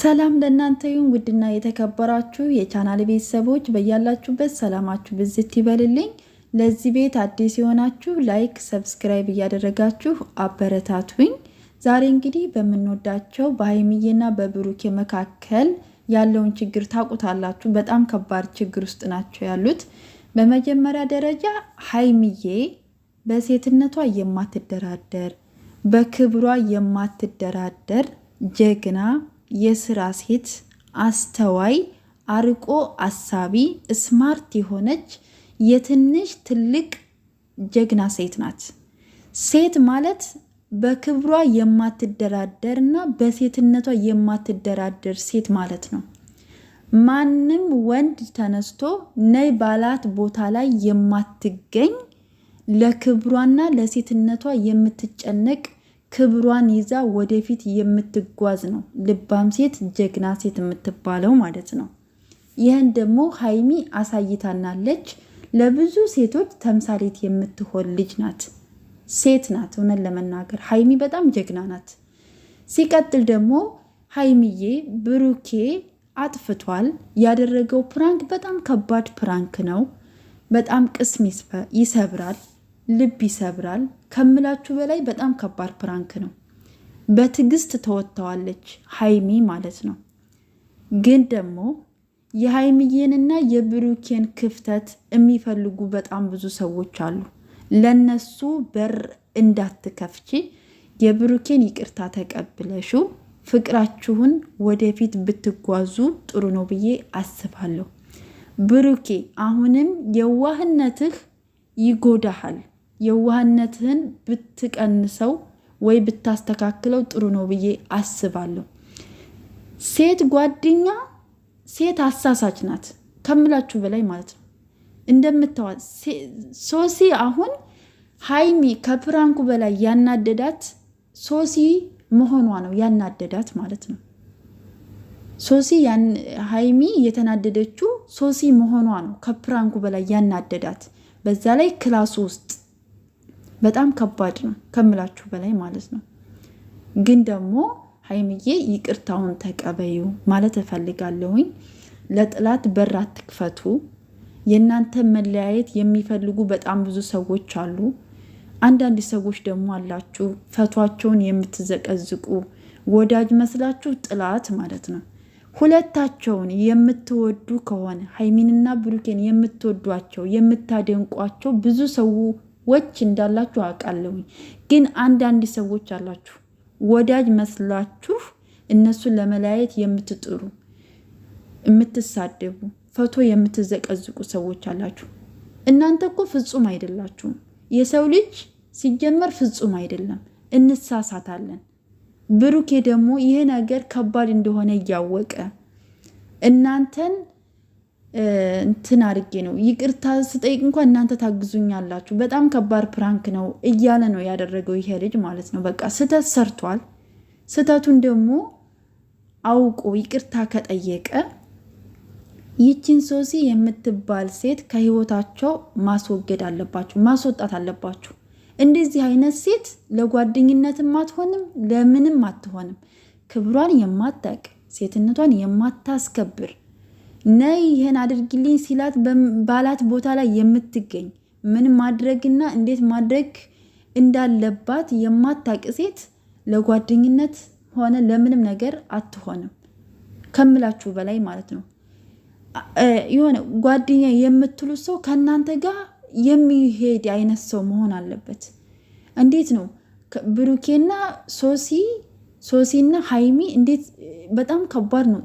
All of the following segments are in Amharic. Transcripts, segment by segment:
ሰላም ለእናንተ ይሁን ውድና የተከበራችሁ የቻናል ቤተሰቦች፣ በያላችሁበት ሰላማችሁ ብዝት ይበልልኝ። ለዚህ ቤት አዲስ የሆናችሁ ላይክ፣ ሰብስክራይብ እያደረጋችሁ አበረታቱኝ። ዛሬ እንግዲህ በምንወዳቸው በሀይሚዬና በብሩኬ መካከል ያለውን ችግር ታውቁታላችሁ። በጣም ከባድ ችግር ውስጥ ናቸው ያሉት። በመጀመሪያ ደረጃ ሀይሚዬ በሴትነቷ የማትደራደር በክብሯ የማትደራደር ጀግና የስራ ሴት አስተዋይ፣ አርቆ አሳቢ፣ ስማርት የሆነች የትንሽ ትልቅ ጀግና ሴት ናት። ሴት ማለት በክብሯ የማትደራደር እና በሴትነቷ የማትደራደር ሴት ማለት ነው። ማንም ወንድ ተነስቶ ነይ ባላት ቦታ ላይ የማትገኝ ለክብሯና ለሴትነቷ የምትጨነቅ ክብሯን ይዛ ወደፊት የምትጓዝ ነው ልባም ሴት ጀግና ሴት የምትባለው ማለት ነው። ይህን ደግሞ ሀይሚ አሳይታናለች። ለብዙ ሴቶች ተምሳሌት የምትሆን ልጅ ናት፣ ሴት ናት። እውነት ለመናገር ሀይሚ በጣም ጀግና ናት። ሲቀጥል ደግሞ ሀይሚዬ ብሩኬ አጥፍቷል። ያደረገው ፕራንክ በጣም ከባድ ፕራንክ ነው። በጣም ቅስም ይሰብራል። ልብ ይሰብራል ከምላችሁ በላይ በጣም ከባድ ፕራንክ ነው። በትዕግስት ተወጥተዋለች ሀይሚ ማለት ነው። ግን ደግሞ የሀይሚዬንና የብሩኬን ክፍተት የሚፈልጉ በጣም ብዙ ሰዎች አሉ። ለነሱ በር እንዳትከፍቺ የብሩኬን ይቅርታ ተቀብለሹ ፍቅራችሁን ወደፊት ብትጓዙ ጥሩ ነው ብዬ አስባለሁ። ብሩኬ አሁንም የዋህነትህ ይጎዳሃል። የዋህነትህን ብትቀንሰው ወይ ብታስተካክለው ጥሩ ነው ብዬ አስባለሁ። ሴት ጓደኛ ሴት አሳሳች ናት ከምላችሁ በላይ ማለት ነው። እንደምታዋት ሶሲ አሁን ሀይሚ ከፕራንኩ በላይ ያናደዳት ሶሲ መሆኗ ነው ያናደዳት ማለት ነው። ሶሲ ሀይሚ የተናደደችው ሶሲ መሆኗ ነው ከፕራንኩ በላይ ያናደዳት። በዛ ላይ ክላሱ ውስጥ በጣም ከባድ ነው ከምላችሁ በላይ ማለት ነው። ግን ደግሞ ሀይምዬ ይቅርታውን ተቀበዩ ማለት እፈልጋለሁኝ። ለጥላት በር አትክፈቱ። የእናንተ መለያየት የሚፈልጉ በጣም ብዙ ሰዎች አሉ። አንዳንድ ሰዎች ደግሞ አላችሁ ፈቷቸውን የምትዘቀዝቁ ወዳጅ መስላችሁ ጥላት ማለት ነው። ሁለታቸውን የምትወዱ ከሆነ ሀይሚንና ብሩኬን የምትወዷቸው የምታደንቋቸው ብዙ ሰው ዎች እንዳላችሁ አውቃለሁኝ። ግን አንዳንድ ሰዎች አላችሁ ወዳጅ መስላችሁ እነሱን ለመለያየት የምትጥሩ የምትሳደቡ፣ ፈቶ የምትዘቀዝቁ ሰዎች አላችሁ። እናንተ እኮ ፍጹም አይደላችሁም። የሰው ልጅ ሲጀመር ፍጹም አይደለም፣ እንሳሳታለን። ብሩኬ ደግሞ ይህ ነገር ከባድ እንደሆነ እያወቀ እናንተን እንትን አድርጌ ነው ይቅርታ ስጠይቅ እንኳን እናንተ ታግዙኛላችሁ፣ በጣም ከባድ ፕራንክ ነው እያለ ነው ያደረገው ይሄ ልጅ ማለት ነው። በቃ ስህተት ሰርቷል። ስህተቱን ደግሞ አውቆ ይቅርታ ከጠየቀ ይችን ሶሲ የምትባል ሴት ከህይወታቸው ማስወገድ አለባችሁ፣ ማስወጣት አለባችሁ። እንደዚህ አይነት ሴት ለጓደኝነትም አትሆንም፣ ለምንም አትሆንም። ክብሯን የማታቅ ሴትነቷን የማታስከብር ነይ ይህን አድርግልኝ ሲላት ባላት ቦታ ላይ የምትገኝ ምን ማድረግና እንዴት ማድረግ እንዳለባት የማታቅ ሴት ለጓደኝነት ሆነ ለምንም ነገር አትሆንም ከምላችሁ በላይ ማለት ነው። የሆነ ጓደኛ የምትሉት ሰው ከእናንተ ጋር የሚሄድ አይነት ሰው መሆን አለበት። እንዴት ነው ብሩኬና ሶሲ ሶሲና ሀይሚ እንዴት በጣም ከባድ ነው።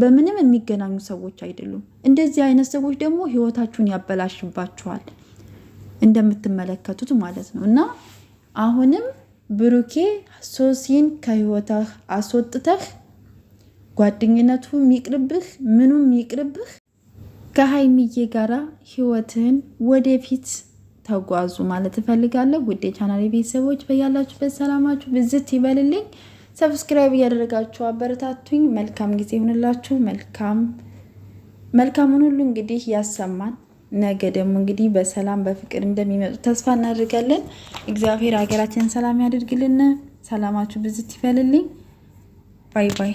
በምንም የሚገናኙ ሰዎች አይደሉም። እንደዚህ አይነት ሰዎች ደግሞ ህይወታችሁን ያበላሽባችኋል እንደምትመለከቱት ማለት ነው። እና አሁንም ብሩኬ ሶሲን ከህይወትህ አስወጥተህ ጓደኝነቱ የሚቅርብህ ምኑም የሚቅርብህ ከሀይሚዬ ጋራ ህይወትህን ወደፊት ተጓዙ ማለት እፈልጋለሁ። ውድ የቻናል ቤተሰቦች በያላችሁበት ሰላማችሁ ብዝት ይበልልኝ። ሰብስክራይብ እያደረጋችሁ አበረታቱኝ። መልካም ጊዜ ይሁንላችሁ። መልካም መልካሙን ሁሉ እንግዲህ ያሰማን። ነገ ደግሞ እንግዲህ በሰላም በፍቅር እንደሚመጡ ተስፋ እናደርጋለን። እግዚአብሔር ሀገራችንን ሰላም ያደርግልን። ሰላማችሁ ብዝት ይፈልልኝ። ባይ ባይ